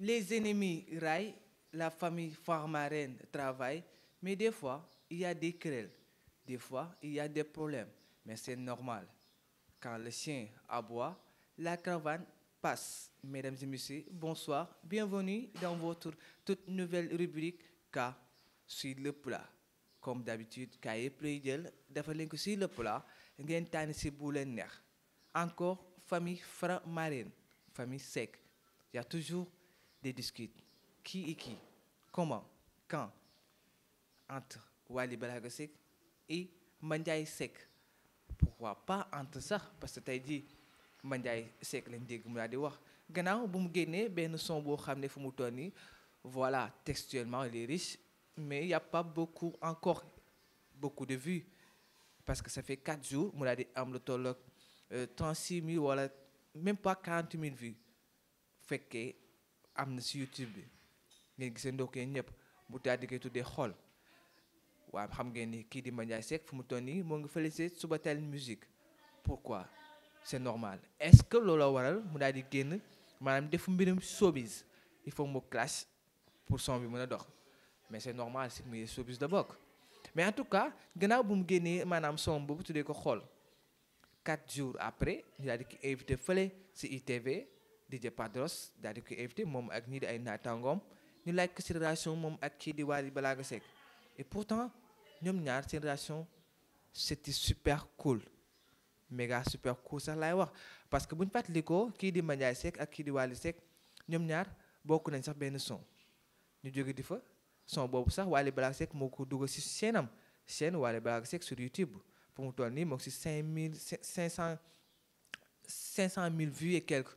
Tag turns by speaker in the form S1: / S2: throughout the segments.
S1: les ennemis raillent, la famille farmarène travaille, mais des fois, il y a des querelles, des fois, il y a des problèmes, mais c'est normal. Quand le chien aboie, la caravane passe. Mesdames et messieurs, bonsoir, bienvenue dans votre toute nouvelle rubrique K sur le plat. Comme d'habitude, K et Playdel, d'affaire sur le plat, tan si Encore, famille franc famille sec. Il y a toujours des disputes. Qui est qui Comment Quand Entre Wali Balagosek et Mandiaï Sek. Pourquoi pas entre ça Parce que tu as dit Mandiaï Sek, l'indé Gumladewar. Gannaaw bu mu son beau ramené voilà textuellement il est riche mais il n'y a pas beaucoup encore beaucoup de vues parce que ça fait 4 jours mu daal 36 000 voilà, même pas 40 000 vues que am na sur YouTube bi ngeen gisee ndokkee ñëpp bu tuddee xam ngeen ni kii di que fu mu toll nii ngi subatel musique pourquoi c'est normal est-ce que looloo waral mu daal di génn defu mbirum il faut mu clash pour son bi mais c'est normal si muy sobis de bokk mais en tout cas gannaaw bu mu génnee maanaam son boobu tuddee ko quatre jours après ñu daal di ki invité fële sur ITV DJ Padros daal di ko invité moom ak ñii di ay natangom, ñu like ko si relation mom ak kii di Wally Ballago Seck et pourtant ñoom ñaar seen relation c'était super cool Mega super cool sa lay wax parce que bu ñu ki di manjay Seck ak ki di Wally Seck ñoom ñaar bokk nañ sax ben son ñu jóge di fa son bobu sax Wally Ballago Seck moo ko dugal si seenam seen Wally Ballago Seck sur YouTube fu mu toll nii moo si cinq mille cinq cent cinq cent mille vues et quelques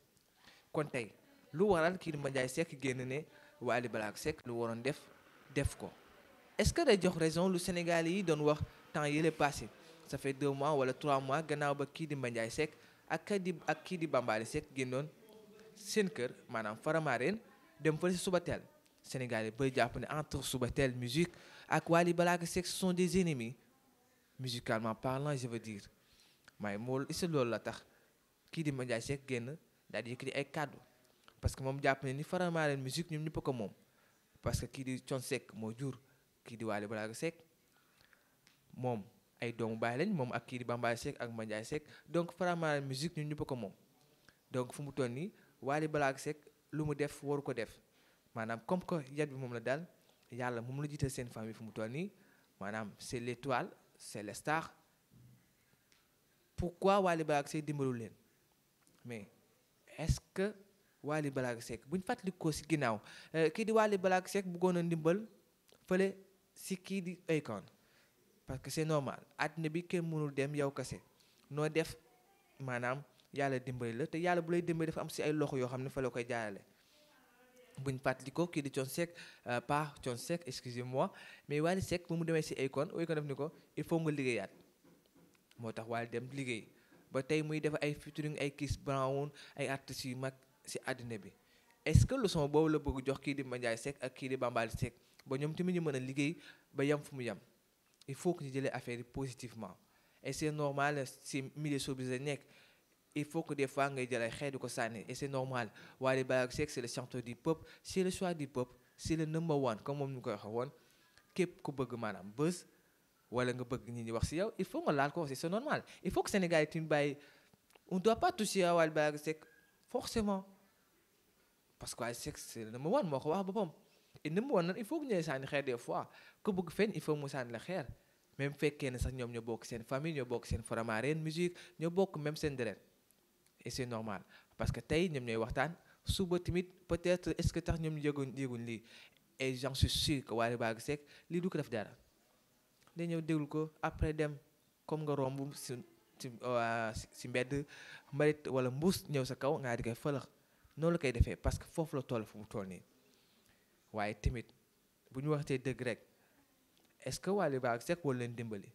S1: kon tey lu waral kii Demba Ndiaye Seck génn ne wali Ballago Seck lu waroon def def ko est-ce que day jox raison lu Sénégal yi doon wax temps yële passé ça fait deux mois wala trois mois gannaaw ba kii Demba Ndiaye Seck ak kii di ak kii di Bambaali Seck génnoon seen kër maanaam Faramareen dem fële si Subatel Sénégal yi bay jàpp ne entre Subatel musique ak wali Ballago Seck ce sont des ennemis musicalement parlant je veux dire maay mool isi loolu la tax kii Demba Ndiaye Seck génn daal di yëkkati ay kàddu parce que moom jàpp ne ni Faramareen musique ñoom ñëpp ko moom parce que kii di Thione sec moo jur kii di Wally Ballago sec moom ay doomu baay lañ moom ak kii di bambaay sec ak Mandiaye sec donc Faramareen musique ñoom ñëpp ko moom donc fu mu toll nii Wally Ballago Seck lu mu def waru ko def maanaam comme que yat bi moom la daal yàlla moom la jiital seen famille fu mu toll nii maanaam c'est l'étoile c'est la star pourquoi Wally Ballago sec dimbalu leen mais est-ce que Wally Ballago Seck bu ñu fàttalikoo si ginnaaw euh, kii di Wally Ballago Seck bëggoon a ndimbal fële si kii di Akon parce que c'est normal àddina bi kenn mënul dem yow kese noo def maanaam yàlla dimbali la te yàlla bu lay dimbali dafa am si ay loxo yoo xam ne fa la koy jaarale buñ fàttalikoo kii di Thione Seck euh, pas Thione Seck excusez-moi mais Wally Seck bu mu demee si Akon Akon def ni ko il faut nga liggéeyaat moo tax Wally dem liggéey ba tey muy def ay featuring ay kiss Brown ay artistes yu mag si àddina bi est-ce que leçon boobu la bëgg jox kii di Mandiaye sek ak kii di Bambaly sek ba ñoom tamit ñu mën a liggéey ba yam fu mu yam il faut que ñu jëlee affaire yi positivement et c'est normal si milieu showbiz la nekk il faut que des fois ngay jël ay xeetu ko sànni et c'est normal Wally sek Seck c'est le chanteur du peuple c'est le choix du peuple c'est le number one comme moom ñu koy waxee woon képp ku bëgg maanaam buzz wala nga bëgg nit ñi wax yow il faut nga laal ko c'est normal il faut que Sénégal une bàyyi on doit pas toucher à wal forcément parce que c'est le number one moo wax bopam et number one il faut que ñu des fois ko bëgg fenn il faut mu la même une né sax ñom ñu famille, une famille ñu famille, seen famille, musique ñu une même et c'est normal parce que tay une ñoy waxtaan suba timit peut-être est-ce que tax une famille, et j'en suis sûr que wal du ko def dara day ñëw déglu ko après dem comme nga romb si si si mbedd mbalit wala mbuus ñëw sa kaw ngaa di koy fëlëx noonu la koy defee parce que foofu la toll fu mu toll nii waaye tamit bu ñu waxtee dëgg rek est-ce que Wally Ballago Seck wala leen dimbali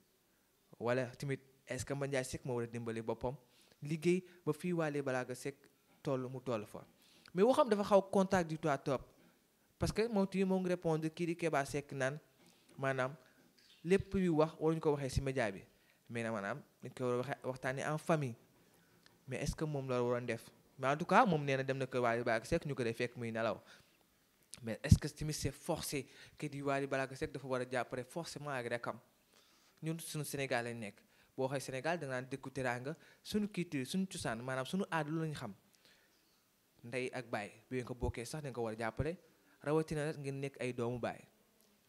S1: wala tamit est-ce que Mandiaye Seck moo war dimbali boppam liggéey ba fii Wally Ballago Seck toll mu toll fa mais waxam dafa xaw contact du tout à top parce que moom tamit moo ngi répondre kii di Keba Seck naan maanaam lépp yu wax waruñu ko waxee si média bi mais na maanaam nit ko war a waxtaanee en famille mais est-ce que moom la waroon def mais en moom nee na dem na ko Wally Ballago Seck ñu ko dee fekk muy nelaw mais est-ce que tamit c'est forcé que di Wally Ballago dafa war a jàppale forcément ak rekam ñun suñu Sénégal lañ nekk boo waxee Sénégal da nga naan dëkku teraanga suñu suñu cosaan maanaam suñu aada lu lañ xam ndey ak baay bi nga ko bokkee sax da nga war a jàppale rawatina ngeen nekk ay doomu baay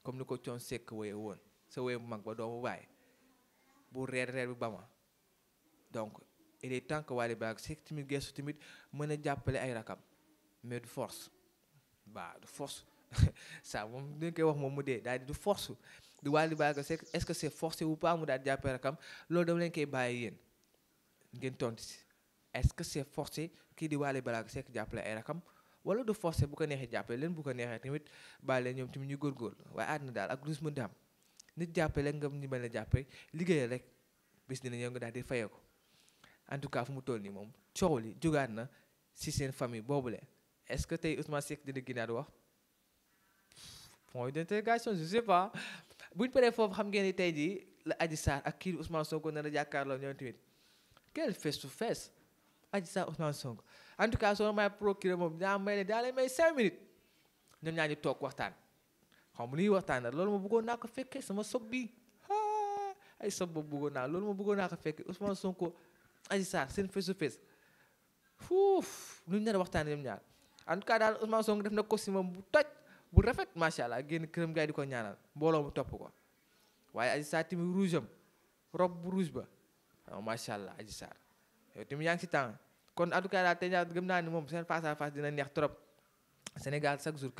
S1: comme ni ko Thione Seck woyee woon. sa wéy mu mag ba doomu baay bu reer reer bi ba ma donc il est temps que Wally Ballago Seck tamit gestu tamit mën a jàppale ay rakam mais du force ba du force ça moom dañ koy wax moom daal du force du Wally Ballago Seck est-ce que c'est forcé ou pas mu daal di jàppale rakam loolu dama leen koy bàyyi yéen ngeen tontu si est-ce que c'est forcé kii di Wally Ballago Seck jàppale ay rakam wala du forcé bu ko neexee jàppale leen bu ko neexee tamit bàyyi ñoom tamit ñu góorgóorlu waaye àddina daal ak lu mën di am nit jàppee rek nga ñu mën a jàppee liggéeyal rek bis dina ñëw nga daal di fayee ko en tout cas fu mu toll nii moom coow li jugaat na si seen famille boobu boobule est ce que tey Ousmane Seck dina ginaat wax point d'interrogation je sais pas buñ foofu xam ngeen ni tey jii la Adji Sarr ak kii Ousmane Sonko nar a jàkkaarloo ñoom tamit quel face to face Adji Sarr Ousmane Sonko en tout cas soo may procuré moom daa may ne daal lay may cinq minutes ñoom ñaa ñu toog waxtaan Kamu wa tana loolu ma bëggoon naa ko fekkee sama sog bi ay sob ba bëggoon naa loolu ma bëggoon naa ko fekkee Ousmane Sonko Adji Sarr seen face to face fuuf lu ñu ada a waxtaanee ñoom ñaar en tout cas daal Ousmane Sonko def na costume bu toj bu rafet macha allah génn këram gars di ko ñaanal mbooloo mu topp ko waaye Adji Sarr tamit rouge am bu rouge ba macha allah Aji Sarr yow tamit yaa ngi si temps kon en tout cas daal tey ñaar gëm naa ni moom seen face à face dina trop. Sénégal chaque jour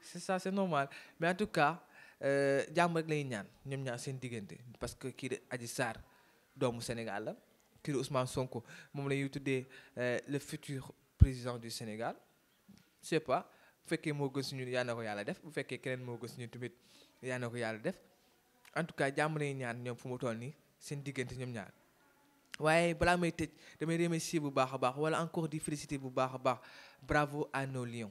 S1: c'est ça c'est normal mais en tout cas euh, j'aimerais rek lay ñaan ñom ñaan seen parce que a Adji doomu Sénégal Ousmane Sonko euh, le futur président du Sénégal je sais pas féké mo def bu féké keneen mo def en tout cas j'aimerais lay ñaan fu mu toll je seen waaye encore di bu bravo à nos lions.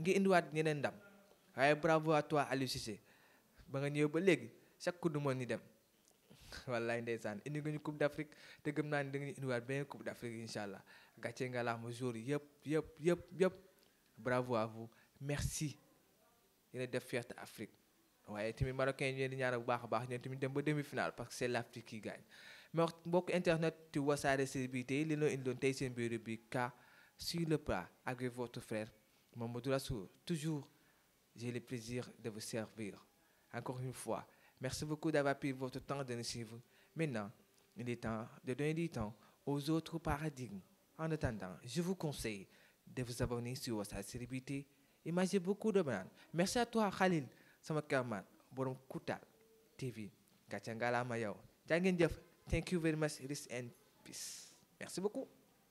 S1: ngi wat ñeneen ndam waaye bravo à toi Aliou Cissé ba nga ñëw ba léegi chaque coup du monde ñu dem wallaay ndeysaan indi nga ñu coupe te gëm naa ni da nga ñu indiwaat beneen coupe d'Afrique incha allah gàcce nga laax ma jour yëpp yëpp yëpp yëpp bravo à vous merci yéen def fierté Afrique waaye tamit marocain yi ñeen di ñaar bu baax a baax ñeen tamit dem ba demi finale parce que c'est l'Afrique qui gagne mais wax mbokk internet ci Wassare Célébrité li noo indiloon tey seen biiru bi ka sur le plat avec votre frère Mamadou toujours, j'ai le plaisir de vous servir. Encore une fois, merci beaucoup d'avoir pris votre temps de nous suivre. Maintenant, il est temps de donner du temps aux autres paradigmes. En attendant, je vous conseille de vous abonner sur sa célébrité. Imaginez beaucoup de Merci à toi, Khalil, Samakarman, Borom Koutal, TV, Mayaw. Thank you very much, and Peace. Merci beaucoup.